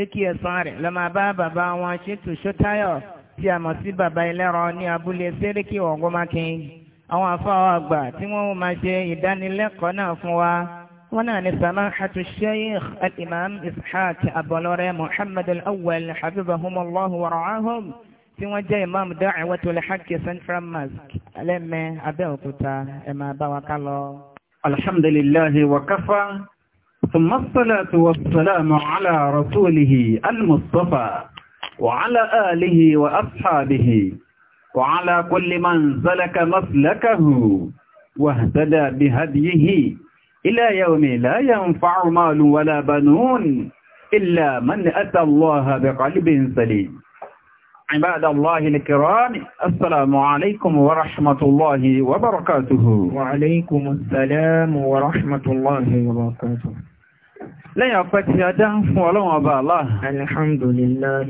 pé kí ẹ̀san rẹ̀ lọ máa bá bàbá wọn ṣètò ṣótáyọ̀ tí a mọ̀ sí bàbá ẹlẹ́rọ ní abúlé sẹ́ríkì ọ̀gọ́mákin àwọn afáwọ̀ àgbà tí wọ́n máa ṣe ìdánilẹ́kọ̀ọ́ náà fún wa wọ́n náà ní samahatu sheikh al-imam ishaq abọlọ́rẹ́ muhammad al-awwal habibahumullahu wa ra'ahum tí wọ́n jẹ́ imam da'watul haqq central mosque alẹ́mẹ́ abẹ́òkúta ẹ̀ bá wa ká lọ. alhamdulillahi wa kafa. ثم الصلاة والسلام على رسوله المصطفى وعلى آله وأصحابه وعلى كل من سلك مسلكه واهتدى بهديه إلى يوم لا ينفع مال ولا بنون إلا من أتى الله بقلب سليم عباد الله الكرام السلام عليكم ورحمة الله وبركاته وعليكم السلام ورحمة الله وبركاته lẹ́yìn ọpẹ́ tí a dá fún ọlọ́run ọba Allah. alhamdulillah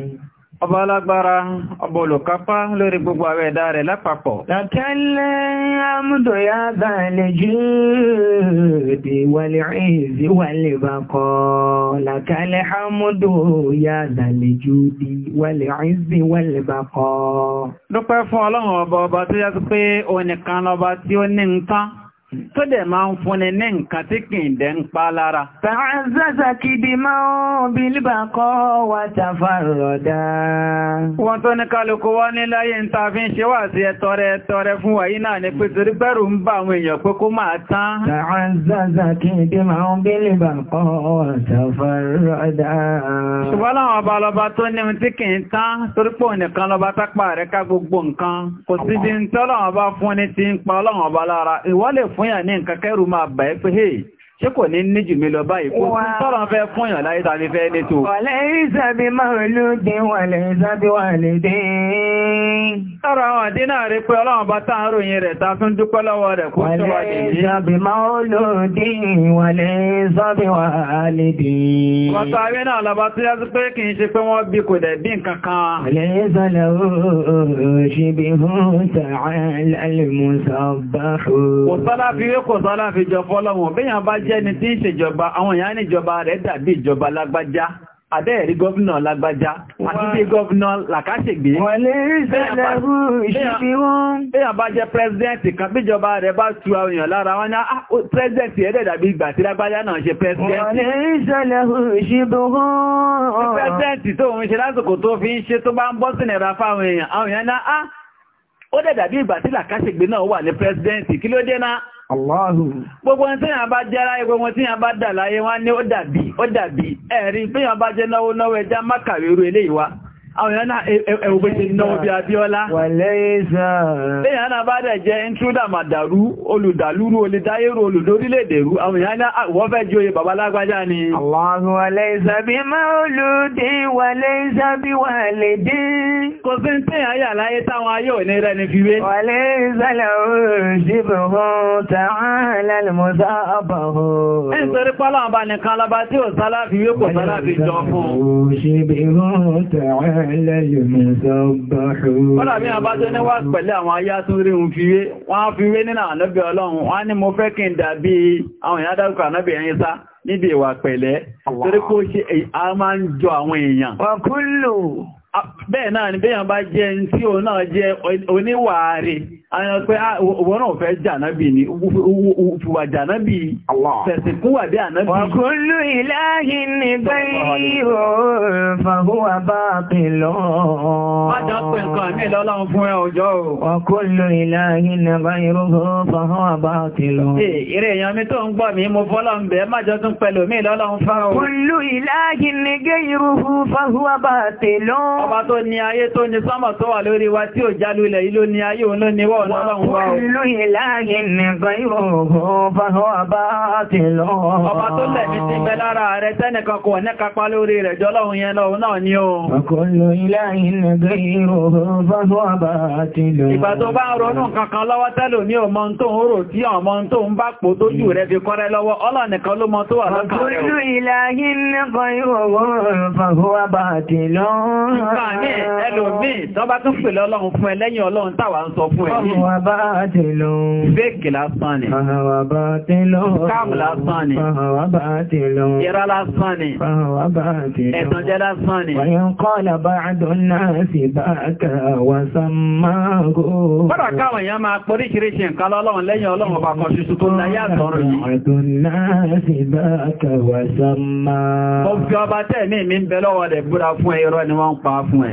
ọba alágbára ọba olùkápá lórí gbogbo àwẹ̀ ẹ̀dá rẹ̀ lápapọ̀. Lọ́kẹ́lẹ́ àmúdò yá bá jù bí wàlẹ̀ ìzí wàlẹ̀ bá kọ́. Lọ́kẹ́lẹ́ àmúdò yá bá jù bí wàlẹ̀ ìzí wàlẹ̀ bá kọ́. Dúpẹ́ fún ọlọ́run ọba ọba tó yá sí pé òun nìkan lọba tí ó ní nǹkan tó dẹ̀ máa ń fúnni ní nǹkan tí kì í dẹ̀ ń pa lára. Tàzázà kì bí máa ń bí líbàkọ́ wà tàfàrọ̀dá. Wọ́n tó ní kálukú wá ní láyé ń ta fi ń ṣe wà sí ẹtọrẹ ẹtọrẹ fún wàyí náà ní pé bẹ̀rù ń bá àwọn èèyàn pé kó máa tán. Tàzázà máa ń bí líbàkọ́ wà tàfàrọ̀dá fún yà ní nǹkan kẹ́rù máa bà pé hey ṣé kò ní níjù mi lọ báyìí kó tí sọ́rọ̀ fẹ́ fún ìyàn láyé tàbí fẹ́ létò. ọ̀lẹ́ ìsàbí mọ́lúdín wà lè ìsàbí wà lè dín. sọ́rọ̀ àwọn àdín náà rí pé ọlọ́run bá tá àròyìn rẹ̀ ta tún dúpẹ́ lọ́wọ́ rẹ̀ tó wà lè dín. ìsàbí mọ́lúdín wà wà lè dín. wọ́n sáré náà lọ́ba tó yá sí pé òṣìbí fún tàà jẹ́ ni tí ń ṣèjọba àwọn èèyàn níjọba rẹ̀ dàbí ìjọba lágbájá àbẹ́ẹ̀rí gọ́vnà lágbájá àti bí gọ́vnà làkásègbè wọ́n lè rí ìṣẹ́lẹ̀ rú ìṣẹ́bí wọ́n bí a bá jẹ́ pẹ́sidẹ̀ntì kan bíjọba rẹ̀ bá tú àwọn èèyàn lára wọ́n ní ah, ah, pẹ́sidẹ̀ntì ẹ̀dẹ̀ dàbí ìgbà tí lágbájá náà ṣe pẹ́sidẹ̀ntì wọ́n lè rí ìṣẹ́lẹ̀ rú ìṣẹ́bí wọ́n pẹ́sidẹ̀ntì tó ń ṣe lásìkò tó fi ń ṣe tó bá ń bọ́ sí nira fáwọn èèyàn àwọn èèyàn náà ah, ó dẹ̀ dàbí ìgbà tí làkásègbè náà wà ní pẹ́sidẹ̀ntì kí ló dé náà Allahu. Gbogbo ẹni tí yàn bá jẹ́ láyé gbogbo tí yàn bá dà láyé wọ́n ní ó dàbí, ó dàbí, ẹ̀rí pé yàn bá jẹ́ náwó náwó ẹjá mákàrí orú eléyìí wá àwọn èèyàn náà ẹ̀wùgbé ti náà bí Abíọ́lá lẹ́yìn náà bá dẹ̀ jẹ́ intruder màdàrú olùdàlúrú olùdáyérò olùdórílẹ̀-èdèrú àwọn èèyàn ah, wọ́n fẹ́ jí oyè bàbá lágbájá ni Allahu pálọ̀ àbá nìkan tí ò sálá wé kò sálá jọ fún lẹ́yìn mùsọ́bàrù. Ọ̀rọ̀ mi àbájọ́ ní wá pẹ̀lú àwọn ayá tún rí un fi wé, wọ́n fi wé nínú ànábì ọlọ́run, wọ́n ní mo fẹ́ kí n dàbí àwọn níbi ìwà pẹ̀lẹ́, torí kó ṣe a máa ń jọ àwọn èèyàn. Wàkúlò. Bẹ́ẹ̀ náà ni bẹ́yàn bá jẹ́ tí òun náà jẹ́ oníwàárí àyàn pé ah, wọ́n náà fẹ́ jànábì ní fùwà jànábì tẹ̀sì kúwà dé ànábì. wa kullu ilahin ghayru fahuwa batilun. má dápẹ́ nǹkan mí lọ́lọ́run fún ẹ òjò o. ọba tó ní ayé tó ní sọ́mọ̀ tó wà lórí wa tí ò jálulẹ̀ yìí ló ní ayé òun ló ní ọ̀nà ọlọ́run wá o. Ìlú ìlàyé nìkan ìrògbò fáwọn àbá ti lọ. Ọba tó lẹ̀mí sí bẹ lára rẹ̀ tẹ́nìkan kò ní kápá lórí rẹ̀ jọ lọ́run yẹn lọ́run náà ni o. Ọkọ̀lù ìlàyé nìkan ìrògbò fáwọn àbá ti lọ. Ìgbà tó bá ń ronú kankan lọ́wọ́ tẹ́lò ní ọmọ tó ń rò tí ọmọ ọlọ́run táwa ń sọ fún ẹ. Fahuwa batilun. Fake lásán ni. Fahuwa batilun. Scam lásán ni. Fahuwa batilun. Irọ́ lásán ni. Fahuwa máa pọ̀ oríṣiríṣi nǹkan lọ́lọ́run lẹ́yìn ọlọ́run ọba kan ṣoṣo tó ń ayé yìí. Ba'du ọba tẹ̀mí mi ń bẹ lọ́wọ́ rẹ̀ búra fún ẹ irọ́ ni wọ́n ń pa fún ẹ.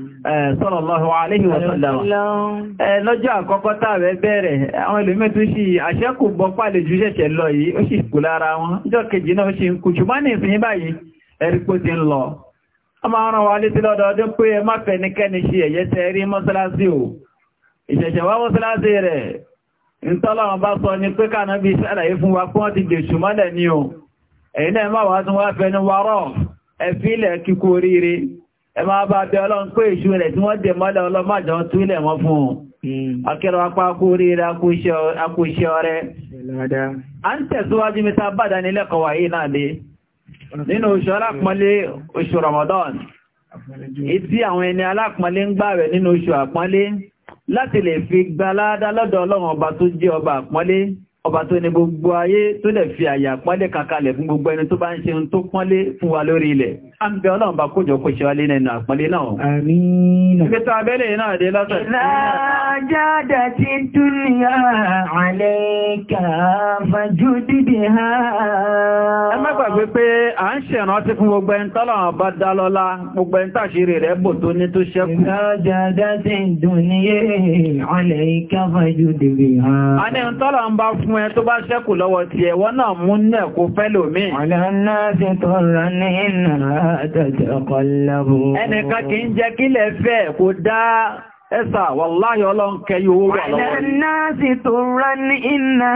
sallallahu alaihi wa sallam lọ́jọ́ àkọ́kọ́ tààrẹ bẹ̀rẹ̀ àwọn ẹlòmẹ́tún sí àṣẹ́kù bọ́ pàlẹ̀ jù ṣẹ̀ṣẹ̀ lọ yìí ó si kú lára wọn jọ́ kejì náà ṣe ń kú ṣùgbọ́n ní ìsìn báyìí ti lọ a máa ràn létí lọ́dọọdún pé ẹ má fẹ́ ṣe ẹ̀yẹ́ tẹ rí mọ́sálásí ìṣẹ̀ṣẹ̀ wá mọ́sálásí rẹ̀ ń bá sọ ni pé kànáà bí fún wa ni o náà má wá tún wá ẹ̀fílẹ̀ oríire ẹ máa bá bẹ ọlọ́run pé ìṣú rẹ̀ tí wọ́n dẹ̀ mọ́lẹ̀ ọlọ́màjọ́ túnlẹ̀ mọ́ fún un hmm. akẹ́rọ apá kú ríra akú iṣẹ́ ọrẹ́ a ń tẹ̀síwájú mẹ́ta bàdá nílẹ́kọ̀wà yìí náà lé nínú oṣù alápọ̀nlé oṣù Ramadan ìtí àwọn ẹni alápọ̀nlé ń gbààwẹ̀ nínú oṣù àpọ́nlé láti lè fi gbaládá lọ́dọ̀ ọlọ́run ọba tó jẹ́ ọba àpọ́nlé ọba tó ní gbogbo ayé àmì ọlọ́run bá kójọ kó ṣe nínú àpọ́lé náà. Àmín. Ìgbẹ́ta abẹ́lẹ̀ náà dé lọ́sọ̀. Lájáàdà ti dúnìyà àlẹ́kà fàjú dìdì ha. Ẹ má gbàgbé pé à ń ṣèrántí fún gbogbo ẹni bá dá lọ́lá, gbogbo ẹni tàṣírí rẹ̀ bò tó ní tó ṣẹ́kù. Lájáàdà ti ti ẹ̀wọ́ tàtàkọ́lábù. Ẹnìkan kì í jẹ́ kílẹ̀ fẹ́ kò dá ẹsà wà lọ́wọ́. Wà náà sì tó rán iná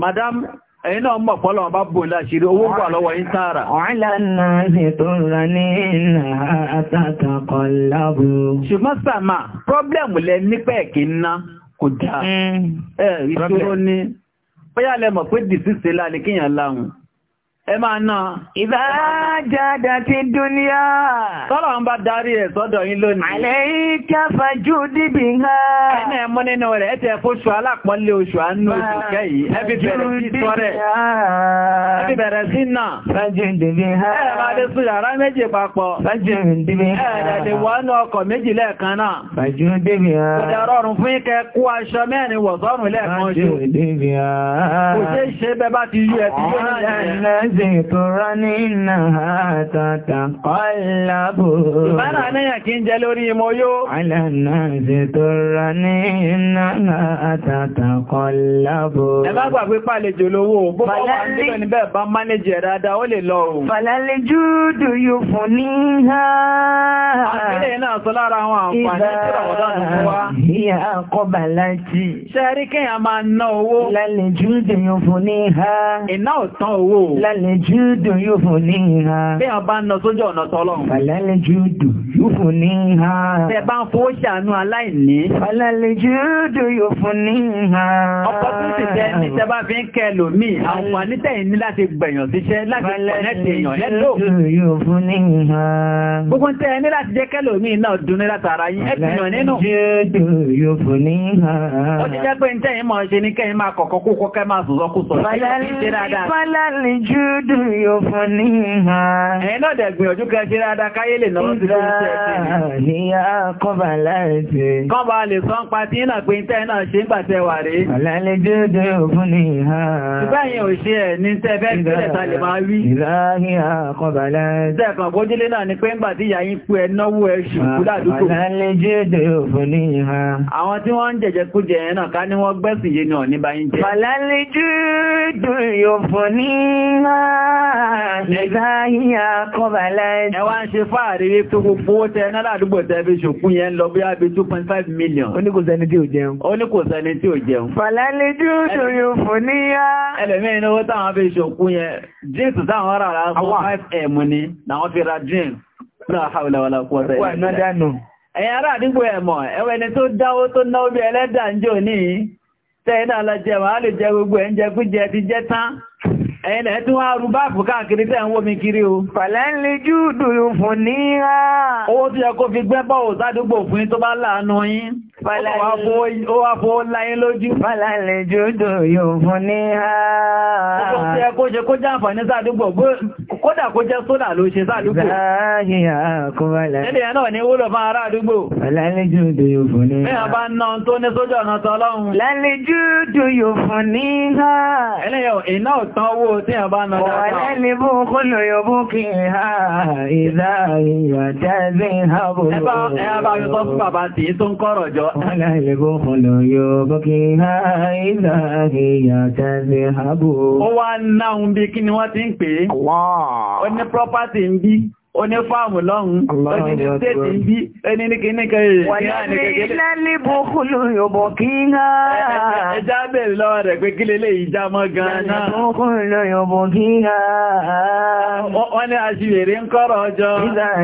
Madam, ẹ̀yin náà mọ̀ bò láṣìírí owó wà lọ́wọ́ yín tààrà. náà sì tó rán iná tàtàkọ́lábù. Ṣùgbọ́n sàmà, pọ́blẹ̀mù lẹ nípẹ̀ẹ́kì ná kò dáa. Hmm. Ẹ ìṣòro ni, ẹ máa ná. ti dúníà. tọ́lọ̀ ń bá darí ẹ̀ sọ́dọ̀ yín lónìí. àlẹ́ ìkà fàájú dìbì ha. ẹni ẹ mú nínú rẹ̀ ẹ ti ẹ̀fọ́ oṣù alápọ̀nlé oṣù àánú oṣù kẹ́yìí ẹ fi bẹ̀rẹ̀ sí tọ́rẹ̀. ẹ fi bẹ̀rẹ̀ sí náà. fàájú dìbì ha. ẹ máa lè sùn yàrá méjì papọ̀. ذكرى إنها تتقلب أنا أنا كين جلوري مويو على الناس ذكرى إنها تتقلب Ẹgbẹ́ àgbà pé pàlejò lówó, bó bá wà níbẹ̀ níbẹ̀ bá mánéjẹ̀ dáadáa ó lè lọ òun. Fàlálé júùdù yóò fún ní ha. Àpẹẹrẹ náà sọ lára àwọn àǹfààní wa. Ìyá àkọ́bà láti. Ṣẹ́rí kéèyàn máa ná owó. Lálejò júùdù yóò fún ní ha. Ìná ò tán Fàlẹ́lẹ́ júdù yóò fún ní ha. Bí a bá ń lọ sójú ọ̀nà tọ́lọ́run. Fàlẹ́lẹ́ júdù yóò fún ní ha. Bẹ́ bá ń fowó ṣàánú aláìní. Fàlẹ́lẹ́ júdù yóò fún ní ha. Ọkọ̀ tún ti tẹ́ ní tẹ́ bá fi ń kẹ lòmíì, àwọn ànítẹ̀yìn ní láti gbẹ̀yàn síṣẹ́ láti kọ̀nẹ́tì èèyàn lẹ́lò. Fàlẹ́lẹ́ júdù yóò fún ní ha. Gbogbo tẹ́ ní láti jẹ́ kẹ́ lòmíì náà dun látara yín, ẹ ti yàn nínú. Fàlẹ́lẹ́ júdù yóò fún ní ha. Ó ti jẹ́ pé ní tẹ́yìn máa ṣe ní kẹ́yìn máa kọ̀kọ́ kó kọ́kẹ́ máa sọ̀rọ̀ kó sọ̀rọ̀. Fàlẹ́lẹ́ júdù júdù yóò fún ní ìhà. Ẹ̀yìn náà dẹ̀ gbìyànjú kẹ́ ṣe rádá káyé lè náà sí lórí ṣe ẹ̀ṣẹ́ ni. Ìyá kọ́bà láìsẹ̀. Kọ́bà lè sọ ń pa tí náà pé tẹ́ náà ṣe ń gbà tẹ́ wà rí. Àlálẹ́ júdù yóò fún ní ìhà. Ìgbẹ́yìn ò ṣe ẹ̀ ní tẹ́ fẹ́ sílẹ̀ ta lè máa wí. Ìyá kọ́bà láìsẹ̀. Tẹ́ kan gbójúlé náà ni pé ńgbà tí ìyá yín pé ẹ náwó ẹ ṣùkú ládùúgbò. Àlálẹ́ júdù Àwọn tí wọ́n ń jẹ̀jẹ̀ kú jẹ náà ká ní wọ́n gbẹ́sìn yé náà ní báyìí jẹ. Àlálẹ́ júdù yóò fún ní ìzáyíyà kọbàlẹ̀. Ẹ wá ń ṣe fáàrí rí tó gbogbo tẹ náà àdúgbò tẹ́bí ṣòkú yẹn lọ bí ábí 2.5 million. Ó ní kò sẹ́ni tí ò jẹun. Ó ní kò sẹ́ni tí ò jẹun. Fàlálẹ́ dúdú yóò fún níyà. Ẹlẹ̀mí ni ó táwọn fi ṣòkú yẹn. Jíǹsì táwọn rà rà 5M ni, làwọn fi ra jíǹsì. Náà hàwùlẹ̀ wà lápọ̀ tẹ́lẹ̀. Wà náà dánù. Ẹ̀yà ará àdúgbò ẹ̀mọ̀, ẹwẹ́ ni tó dáwó tó náwó bí ẹlẹ́dà ń jò ní, tẹ́ iná lọ jẹ, wà á lè jẹ gbogbo ẹ̀ ń jẹ kú jẹ ti jẹ tán. ẹ̀yìn na tí wọ́n arú báàbù káàkiri tẹ́ ń wó mi kiri o. pàlẹ́lì júùdù fún ní rá. owó tí fi gbẹ́bọ̀ ò sádúgbò fún tó bá láàánú yín. ó wá fó láyé lójú. júùdù fún ní rá. ja kódà kó jẹ́ sódà ló ṣe sálúgbò ẹlẹ́yà náà ni wúlò fún ará àdúgbò lálejò tó yóò fún ní ha bá ná tó ní sójú ọ̀nà tọ́lọ́run lálejò tó yóò fún ní ha ẹlẹ́yà iná ọ̀tán owó tí a bá ná dáadáa ọ̀lẹ́lẹ́ bó kó lò yóò bó kí ha ìdá ìyà jáde ha bò ẹ̀yà bá yóò sọ fún bàbá tí tó ń kọ́rọ̀ jọ ọ̀lẹ́lẹ́ bó kó lò yóò bó kí ha ìdá ìyà jáde ha bò ó wá náà ń bí kí ni wọ́n ti ń pè é ó ní property ń bí onífàmù lọ́hun lọ́dí ní tẹ́tì bí ẹni ní kí ní kẹrẹ wà ní ilẹ̀ líbò kúlù yóò kí ń ha ẹjá bèèrè lọ́wọ́ rẹ̀ pé kí lè lè ìjá mọ́ gan-an wọ́n ní aṣìlèrè ń kọ́rọ̀ ọjọ́ kò rẹ̀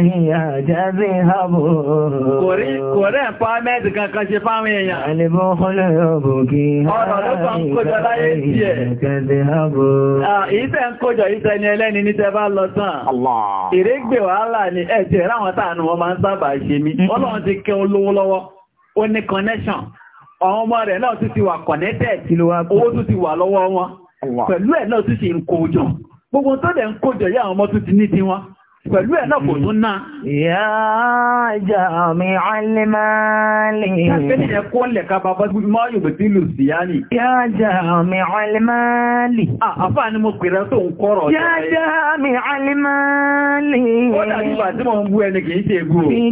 ìtẹ́ ń kójọ ìtẹ́ ni ẹlẹ́ni ní tẹ́ bá lọ tán ìrégbè wàhálà ní ẹ̀tì ẹ̀ráwọn táànù wọn máa ń sábà ṣe mi mm-hmm. ọlọ́run ti kẹ olówó lọ́wọ́ ó ní connection àwọn ọmọ rẹ̀ náà tún ti wà connected owó tún ti wà wọn pẹ̀lú ẹ̀ náà tún gbogbo tó dẹ̀ ń ọmọ tún ti ní pẹ̀lú ẹ̀ náà kò tún ná. Ìyá ìjà mi alimali. Ṣé ní ẹkọ́ lẹ̀ ká bàbá tí máa yòbẹ̀ tí lù yá nì? Ìyá ìjà mi alimali. Àfà ni mo pèrè tó ń kọ́rọ̀ ọ̀dọ̀ Ìyá ìjà mi alimali. Ó dàbí ìgbà mo ń bú ẹni kìí ṣe egbò. Bí ni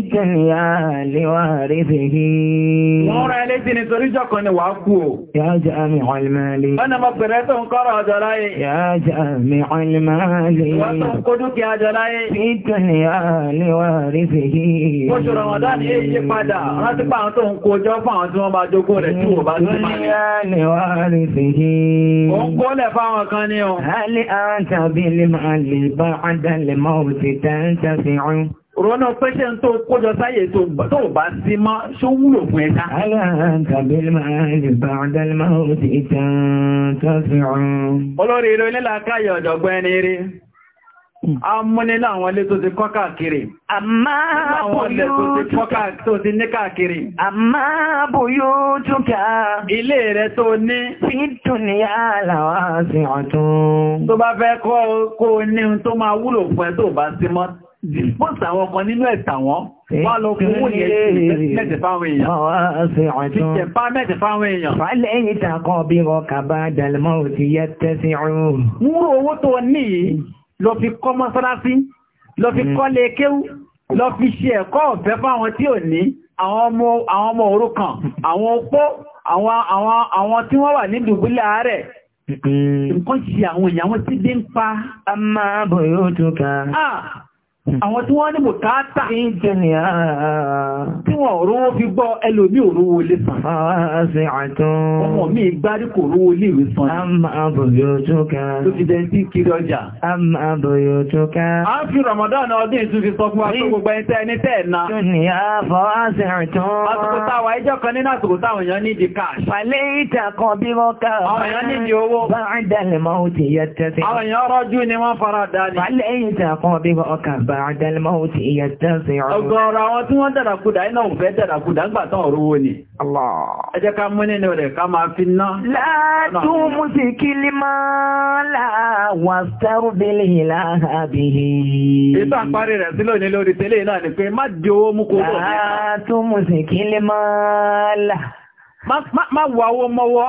ìtàní àlewà rí fi yí. rí fi yí. Ó ń kólẹ̀ fáwọn kan ní ti dáńtà fi Rọ́nà pẹ́ṣẹ́ tó kójọ sáyé tó bá sí máa ṣó wúlò fún ẹ̀ta. Aláàtàbí lè bá àdálẹ̀ máa ò ti dáńtà fi rún. Olórí ìrò ilé làkáyọ̀ ọ̀dọ̀gbọ́n rí. Mm. A mú nínú àwọn ilé tó ti kọ́ káàkiri. A máa bò yóò túnkà. Tó ti ní káàkiri. A máa bò yóò túnkà. Ilé rẹ̀ tó ní. Fi dùnìyà làwá sí ọ̀tún. Tó bá fẹ́ kọ́ kó ní tó máa wúlò fún ẹ tó bá sí mọ́. Dispose mm. àwọn kan nínú ẹ̀tà wọn. Wá lọ fún wọ́n yẹ mẹ́tẹ̀ fáwọn èèyàn lọ fi kọ́ mọ́sánásí lọ fi hmm. kọ́ lè kéwú lọ fi ṣe ẹ̀kọ́ ọ̀fẹ́ fáwọn tí ò ní àwọn ọmọ òrukàn àwọn opó àwọn tí wọ́n wà ní dùbúlẹ̀ ààrẹ hmm. nǹkan ṣe àwọn èèyàn tí dé ń pa. Hmm. àwọn tí wọ́n ní bùkátà tí wọ́n rówó fi gbọ́ ẹlòmí òrówó lè sàn ọmọ mi gbárí kò rówó lè rí sàn tó fi dẹ̀ sí kiri ọjà a fi Ramadan ọdún ìtún fi sọ fún àtọ́ gbogbo ẹni tẹ́ ẹni tẹ́ ẹ̀nà àtùkútà wà ẹjọ́ kan nínú àtùkútà àwọn èèyàn بعد الموت يتسعون ọgọ́rọ̀ àwọn tí wọ́n dàràkúdà iná òfẹ́ dàràkúdà gbà tán orówó ni Allah ká mú nínú rẹ̀ ká máa fi ná látún mú sí kí lè máa láwà sẹ́rùbílì láàbìhì ìtọ́ àparí rẹ̀ sílò ní lórí tẹ́lẹ̀ náà ni pé má di owó mú kó rọ̀ mú sí kí lè máa má wà owó mọ́wọ́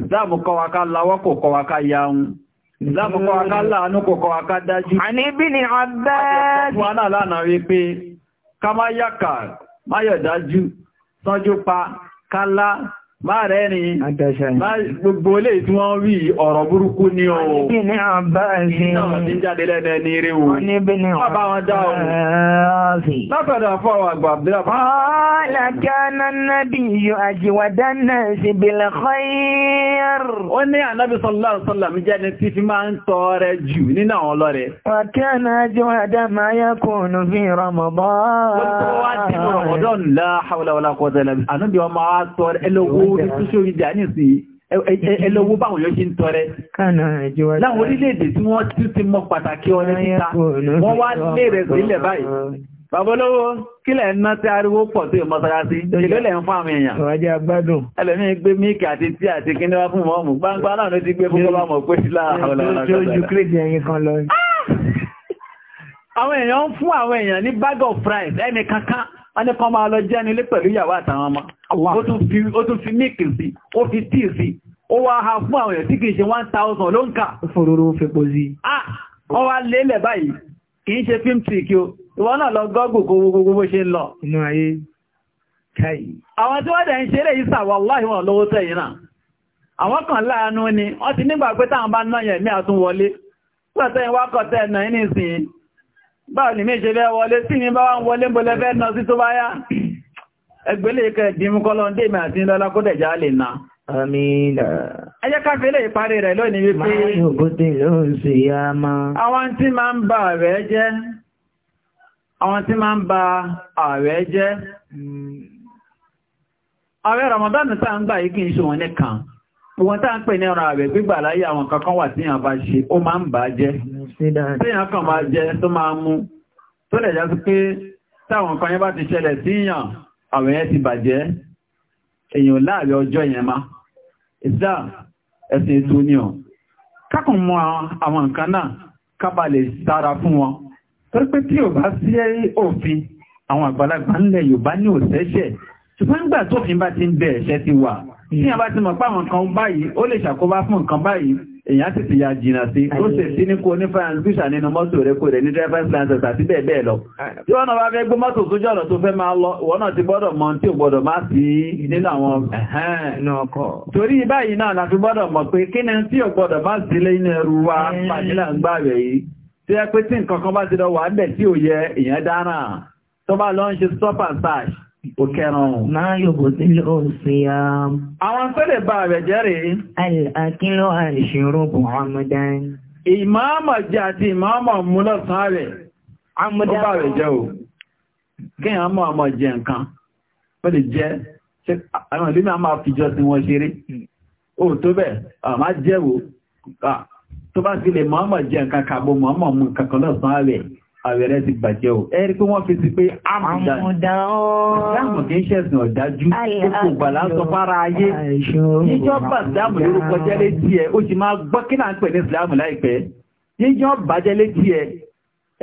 Islam kọ́ wa ká lawọ́ kò kọ́ wa ká yaun. Islam kọ́ ká láàánú kò kọ́ ká dájú. Àní bí ni náà lánàá rí ká má yàkà, má dájú, sánjú pa, ká lá, Má rẹ̀ ni, gbogbo ilé tí wọ́n rí ọ̀rọ̀ burúkú ní ọ̀rọ̀. Ní ní àbá ẹ̀sìn. Náà ti jáde lẹ́nà ní eré wo. Ní bí ní ọ̀rọ̀. Bá wọn dá ohun. Látọ̀dọ̀ fọ́wọ́ àgbà Abdullahi. Qala kana an-nabiyyu khair. Ó ní Ànábì sallallahu alaihi wasallam jẹ́ ni tí fi máa ń tọrẹ jù ma yakunu fi Ramadan. Wọ́n tó wá dínú Ramadan la hawla wala quwwata illa billah. Ànábì ọmọ wa tọrẹ orí social media nísìnyí ẹlọ́wọ́ báwọn yóò ṣe ń tọrẹ láwọn orílẹ̀-èdè tí wọ́n tún ti mọ pàtàkì ọrẹ títa wọ́n wá lé rẹ̀ sílẹ̀ báyìí Bàbọ́lọ́wọ́ kí lẹ̀ ń ná tí ariwo pọ̀ tó yọ mọ́sálásí, èlò lẹ̀ ń fún àwọn èèyàn. Ìwájẹ́ agbádùn. Ẹlẹ́mí gbé míìkì àti tí àti kíní wá fún mọ́mù, gbangba náà ló ti gbé fún bọ́bá mọ̀ pé sílá àwọn ọ̀nà Àwọn èèyàn ń fún àwọn èèyàn ní bag of rice, ẹnì kankan. a ma kan máa lọ jẹ́ nílé pẹ̀lú ìyàwó àtàwọn ọmọ ó tún fi mílìkì si, ó fi tíì sí ó wá ha fún àwọn èèyàn tí kìí ṣe 1000 ló ń kà fòròrò fèpò sí ọ wá lélẹ̀ báyìí kìí ṣe fíìm kí o ìwọ náà lọ gọ́gù gbogbo ṣe lọ inú ayé káì àwọn ti nígbà pé táwọn bá náà báà méje bẹ́ wọlé ní wọlé bọ́lẹ̀ fẹ́ náà sí tó bá yá ẹgbẹ̀lẹ̀ ikẹ̀ ìdímúkọ́lọ́ dé ìmẹ̀ àti ìlọ́lá kó dẹ̀já lè náà Àmìnà. ìparí rẹ̀ lónìí wípé. Wọ́n tá ń pè ní ọ̀rọ̀ àwẹ̀ gbígbà láyé àwọn kankan wà tí yàn bá ṣe, ó máa ń bà jẹ́. Tí yàn kàn máa jẹ tó máa mú, tó lẹ̀ jásí pé táwọn kan yẹn bá ti ṣẹlẹ̀ sí yàn, àwẹ̀ yẹn ti bàjẹ́, èèyàn láàrẹ ọjọ́ yẹn má. Ìsá ẹ̀sìn ètò ni ọ̀. Kákùn mọ àwọn nǹkan náà kábà lè sára fún wọn. Torí pé tí ò bá sí òfin, àwọn àgbàlagbà ńlẹ̀ Yorùbá ní òṣẹ́ṣẹ̀. Ṣùgbọ́n nígbà tófin bá ti ń bẹ̀ ẹ̀ṣẹ̀ ti wà, tí a bá ti mọ̀ páwọn kan báyìí ó lè ṣàkóbá fún nǹkan báyìí èyàn sì ti ya jìnà sí ó sì sí ní kó ní fàyànsbíṣà nínú mọ́tò rẹ̀ kò rẹ̀ ní drivers license àti bẹ́ẹ̀ lọ tí wọ́n náà bá fẹ́ gbé mọ́tò sójú ọ̀nà tó náà ti gbọ́dọ̀ mọ tí ò gbọ́dọ̀ má sí nínú torí báyìí náà gbọ́dọ̀ mọ̀ pé kí ni tí ò gbọ́dọ̀ má wa ń gbà rẹ̀ yìí tí ẹ pé òkẹrànrùn. Máa yòbò sí lóòrùn sí ya. Àwọn tó lè bá rẹ̀ jẹ́rẹ̀. Àkílò àìṣòro bò Ramadan. Ìmáàmà jẹ́ àti ìmáàmà mú lọ́sàn rẹ̀. Ó bá rẹ̀ jẹ́ o. Kí a mọ́ àmọ́ jẹ nǹkan. Ó lè jẹ́ àwọn ìlú máa máa fi sí wọn ṣeré. Ó tó bẹ́ẹ̀, àmá jẹ́ àwẹ̀rẹ́ ti bàjẹ́ ò ẹ́rí pé wọ́n fi sí pé àmùdán dáàmù kí ń ṣẹ̀sìn ọ̀dájú kò gbà láńsọ fára ayé ìjọba dáàmù lórúkọ jẹ́ létí ẹ ó sì máa gbọ́ kí náà ń pè ní ìsìlámù láìpẹ́ yíyan bàjẹ́ létí ẹ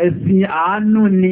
ẹ̀sìn àánú ni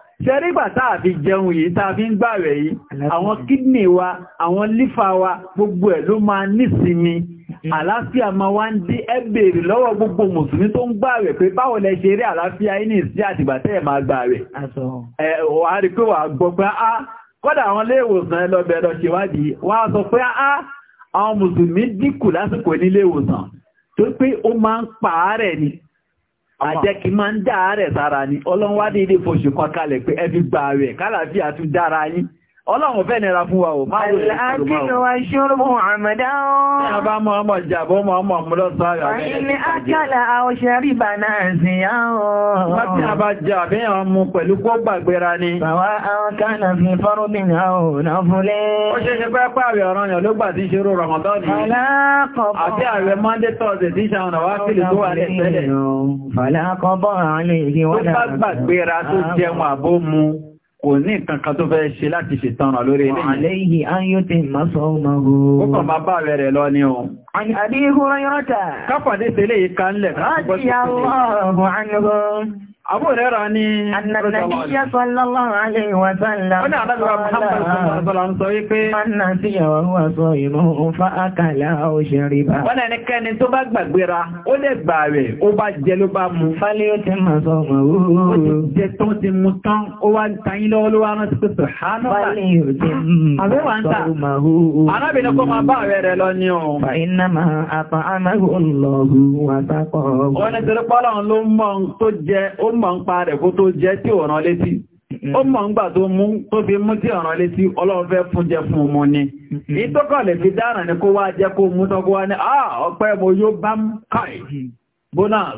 ṣẹ́rígbà táà fi jẹun yìí táà fi ń gbààwẹ̀ yìí àwọn kídìnì wa àwọn lífà wa gbogbo ẹ̀ ló máa nísinmi mm. àlàáfíà máa wá ń dí ẹ béèrè lọ́wọ́ gbogbo mùsùlùmí tó ń gbààwẹ̀ pé báwo lẹ ṣe rí àlàáfíà yìí ní ìsí àtìgbà tẹ́ ẹ̀ máa gbààwẹ̀ wàá rí pé wàá gbọ́ pé á kọ́dà àwọn ilé ìwòsàn ẹlọ́bẹ̀ lọ ṣèwádìí wọ́n á sọ pé á àwọn mùsùlùmí dínkù lásìkò nílé ìwòsàn tó pé ó máa ń pààrẹ̀ ni àjẹ́kí máa ń dáa rẹ̀ sára ni ọlọ́run wá déédéé fòṣù kan kalẹ̀ pé ẹbí gbà rẹ̀ kálàáfíà tún dára yín Ọlọ́run fẹ́ nira fún wa ò máa wò ní wa ṣúrùmù àmàdá ọ́n. Ní àbá mọ́ ọmọ ìjàbọ́ mọ́ ọmọ ọmọlọ́sọ ayọ̀ abẹ́rẹ́. Àìní àkàlà àwọṣẹ́ rí bà náà sí àwọn. Wọ́n tí a bá jẹ àbẹ́yàn ọmọ pẹ̀lú kó gbàgbéra ni. Bàwá náà Ó bá gbàgbéra tó jẹun àbó mu kò ní kankan tó fẹ́ ṣe láti ṣe tánà lórí ilé yìí. Àléyìí an yóò ti máa sọ ọmọ ooo. Ó kàn máa bá rẹ̀ lọ ní ohun. Àbí ihò rọ́ta. Káfàdé tẹ́lẹ̀ yìí kan lẹ̀. Abu Hurairah ni Annabiyya sallallahu alaihi wa sallam. Wọ́n ni Ànábì Muhammad wa sallam mu. Fálé ó ti máa sọ ọmọ ooo. Ó mu tán, ó wá ń ta yín lọ́wọ́ ló wá rántí pé sọ̀hánà. Fálé ó ti máa sọ ọmọ ooo. Arábìnrin kọ́ máa bá rẹ̀ rẹ̀ lọ ni mọ̀ ń pa rẹ̀ kó tó jẹ́ tí ò rán létí mm-hmm. ó mọ̀ ń gbà tó mú tó fi mú tí ọ̀ràn létí Ọlọ́run fún jẹ fún ọmọ ni ìtọ́kọ̀lẹ̀ mm-hmm. fi dáràn ní kó wá jẹ́ kó mú tọ́kọ́ wá ní àà ah, ọpẹ́ mo yóò bá ń káì mm-hmm. bonus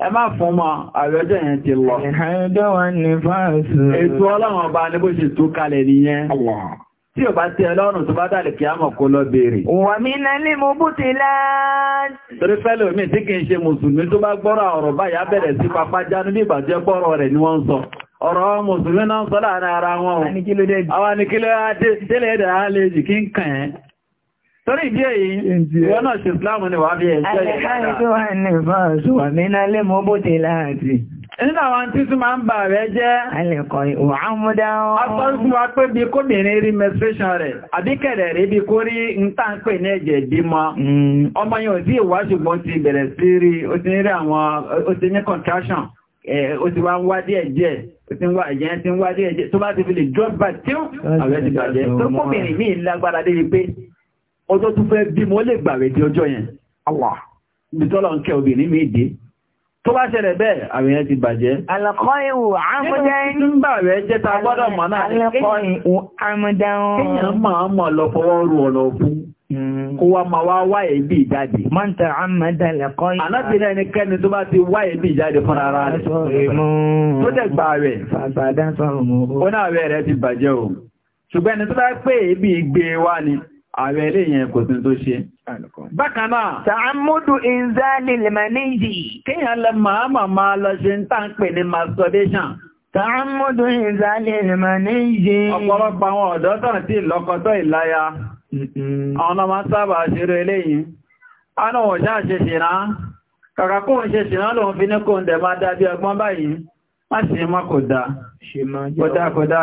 ẹ má fún ma àrẹ́jọ́ yẹn ti lọ. Ìhàndọ́ wa ní fáàsù. Ètò ọlọ́run ọba ní bó ṣe tó kalẹ̀ nìyẹn. Tí ò bá tí ẹ lọ́rùn tó bá dàlẹ̀ kí á mọ̀ kó lọ béèrè. Wà mí náà lè mú bútí láàájú. Torí fẹ́lẹ̀ omi tí kìí ṣe Mùsùlùmí tó bá gbọ́rọ̀ ọ̀rọ̀ báyà bẹ̀rẹ̀ sí papá jánu bí ìbàjẹ́ gbọ́rọ̀ rẹ̀ ni wọ́n sọ. Ọ̀rọ̀ Mùsùlùmí náà sọ láàárín ara wọn. Àwọn ni Àwọn ni Tẹ́lẹ̀ ẹ̀dà á lè jì kí ń kàn Torí ìdí èyí, wọ́n náà ṣe Ìsìláàmù ni wà bí ẹ̀ṣẹ́ ìrìnà. Àlẹ́káàrí wà ní fàáṣù wà ní nálé mọ́ bó ti láàájì. Nínú àwọn tí tún máa ń bà rẹ jẹ́. Alẹ́kọ̀ ìwà ámúdá wọn. A sọ hmm. tí ń wá díẹ̀ díẹ̀ tó bá ti fi lè drop back tí ó àwẹ́ ti bàjẹ́ tó kóbìnrin míì lágbára dé wípé ọjọ́ tó fẹ́ bí mo lè gbàwẹ̀ di ọjọ́ yẹn Allah nítọ́lọ̀ ń kẹ obìnrin mi tó bá ṣẹlẹ̀ bẹ́ẹ̀ àwọn yẹn ti bàjẹ́ hmm. kó wá máa wá wá ẹ̀bí ìjáde mọ́ntà àmúdá lẹ́kọ́ ìwò alábìnrin ẹnikẹ́ni tó bá ti wá ẹ̀bí ìjáde fún ara rẹ̀ tó dẹ̀ gbàwẹ̀ ó náà rẹ̀ ti bàjẹ́ o ṣùgbọ́n tó bá pé ẹ̀bí ìgbé wa ni ààrẹ ilé yẹn kò tún tó ṣe. Bákan náà, Tààmúdù Inzali Limaniji. Kíyàn lọ máa máa máa lọ ṣe ń tàn ní masturbation. Tààmúdù Inzali Limaniji. Ọ̀pọ̀lọpọ̀ àwọn ọ̀dọ́ tàn tí lọ́kọtọ́ ìláya. Àwọn ọmọ sábà ṣeré eléyìí. A náà wọ̀ ṣáà ṣe ṣìná. Kàkà kó ń ṣe ṣìná máa dá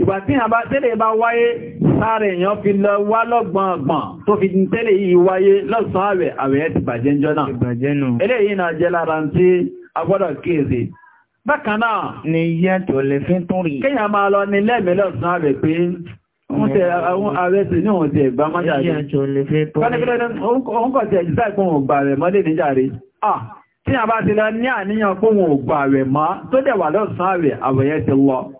ìgbà tí a bá tẹ́lẹ̀ bá wáyé sáàrẹ èèyàn fi lọ wá lọ́gbọ̀n ọgbọ̀n tó fi tẹ́lẹ̀ yìí wáyé lọ́sàn àwẹ̀ àwẹ̀ ti bàjẹ́ jọ náà eléyìí náà jẹ́ lára tí a gbọ́dọ̀ kíyèsí bákanáà ni yàtọ̀ lè fi tún rí kíyàn máa lọ ní lẹ́mìí lọ́sàn àwẹ̀ pé wọ́n tẹ àwọn ààrẹ sí ní òun tẹ ìgbà mọ́jáde òun kọ̀ tẹ ìjísà ìpọ̀ òun gbà rẹ̀ mọ́lé níjàre tí a bá ti lọ ní àníyàn pé òun ò rẹ̀ mọ́ tó dẹ̀ lọ́sàn àwẹ̀ àwẹ̀yẹ ti lọ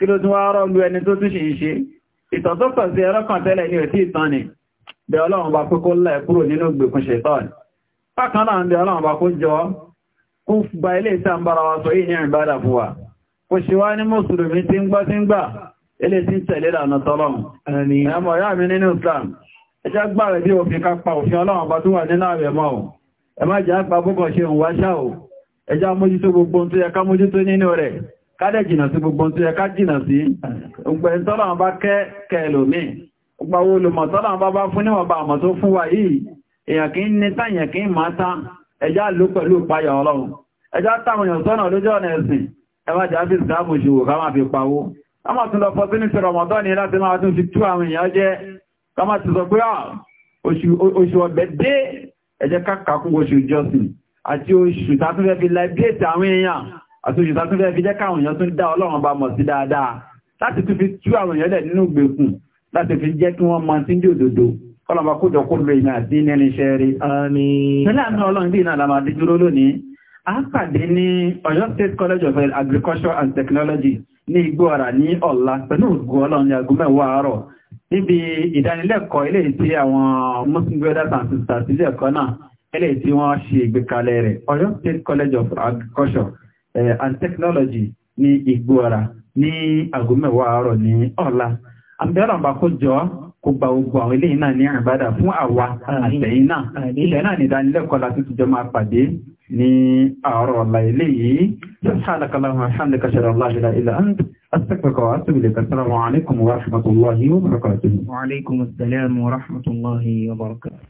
kí ló tún wá rọ́lú ẹni tó tún ṣe ń ṣe ìtàn sí ẹ̀rọ kan tẹ́lẹ̀ ní òtí ìtàn ni bẹ ọlọ́run bá kókó lẹ́ kúrò nínú ìgbèkùn ṣètọ́n bákan náà bẹ ọlọ́run bá kó jọ kó gba ilé ìsàmbara wa sọ yìí ní ìbádà fún wa kò ṣe wá ní mùsùlùmí tí ń gbọ́ tí ń gbà ilé tí ń tẹ̀lé lànà tọ́lọ́run ẹmọ kádẹ̀ jìnà sí gbogbo tí ẹ ká jìnà sí ọgbẹ̀ ìtọ́lọ̀wọ̀n bá kẹ́ kẹlòmí ọgbàwó olùmọ̀ tọ́lọ̀wọ̀n bá bá fún níwọ̀n bá àmọ̀ tó fún wa yìí èyàn kí ń nítà èyàn kí ń máa tán ẹjá ló pẹ̀lú ìpayà ọlọ́run ẹjá táwọn èèyàn sọ́nà lójú ọ̀nà ẹ̀sìn ẹwà jáfí ìsìlámù ṣòwò ká máa fi pawó ká máa tún lọ fọ́ sínú ìṣẹ̀rọ̀ mọ́tọ́ ní láti máa tún fi tú àwọn àtúnṣìṣà tún fẹ́ fi jẹ́ káwọn èèyàn tún dá ọlọ́run bá mọ̀ sí dáadáa láti tún fi tú àwọn èèyàn lẹ̀ nínú ìgbèkùn láti fi jẹ́ kí wọ́n mọ tí ń dì òdodo kójọ kó lè ìmọ̀ àti ní ẹniṣẹ́ rí. nílẹ̀ àná ọlọ́run bí iná làmà dé dúró lónìí a pàdé ní Ọ̀yọ́ State College of Agriculture and Technology ní igbó ọ̀rà ní ọ̀la pẹ̀lú ògo ọlọ́run ní aago mẹ́wàá àárọ̀ níbi ìdánilẹ́kọ̀ọ́ ilé tí àwọn Muslim brothers and sisters ilé ẹ̀kọ́ náà ilé tí wọ́n ṣe ìgbékalẹ̀ rẹ̀ Ọ̀yọ́ State College of Agriculture Eh, and technology ní ìgbóara ní aago mẹ́wàá àárọ̀ ní ọ̀la àbẹ̀rọ̀ bá kó jọ kó gba gbogbo àwọn eléyìí náà ní àbádà fún àwa àtẹ̀yìn náà ilẹ̀ náà ní ìdánilẹ́kọ̀ọ́ la tuntun jọ máa pàdé ní àárọ̀ ọ̀la eléyìí سبحانك اللهم وبحمدك اشهد ان لا اله الا انت استغفرك واتوب اليك السلام عليكم ورحمه الله وبركاته وعليكم السلام ورحمه الله وبركاته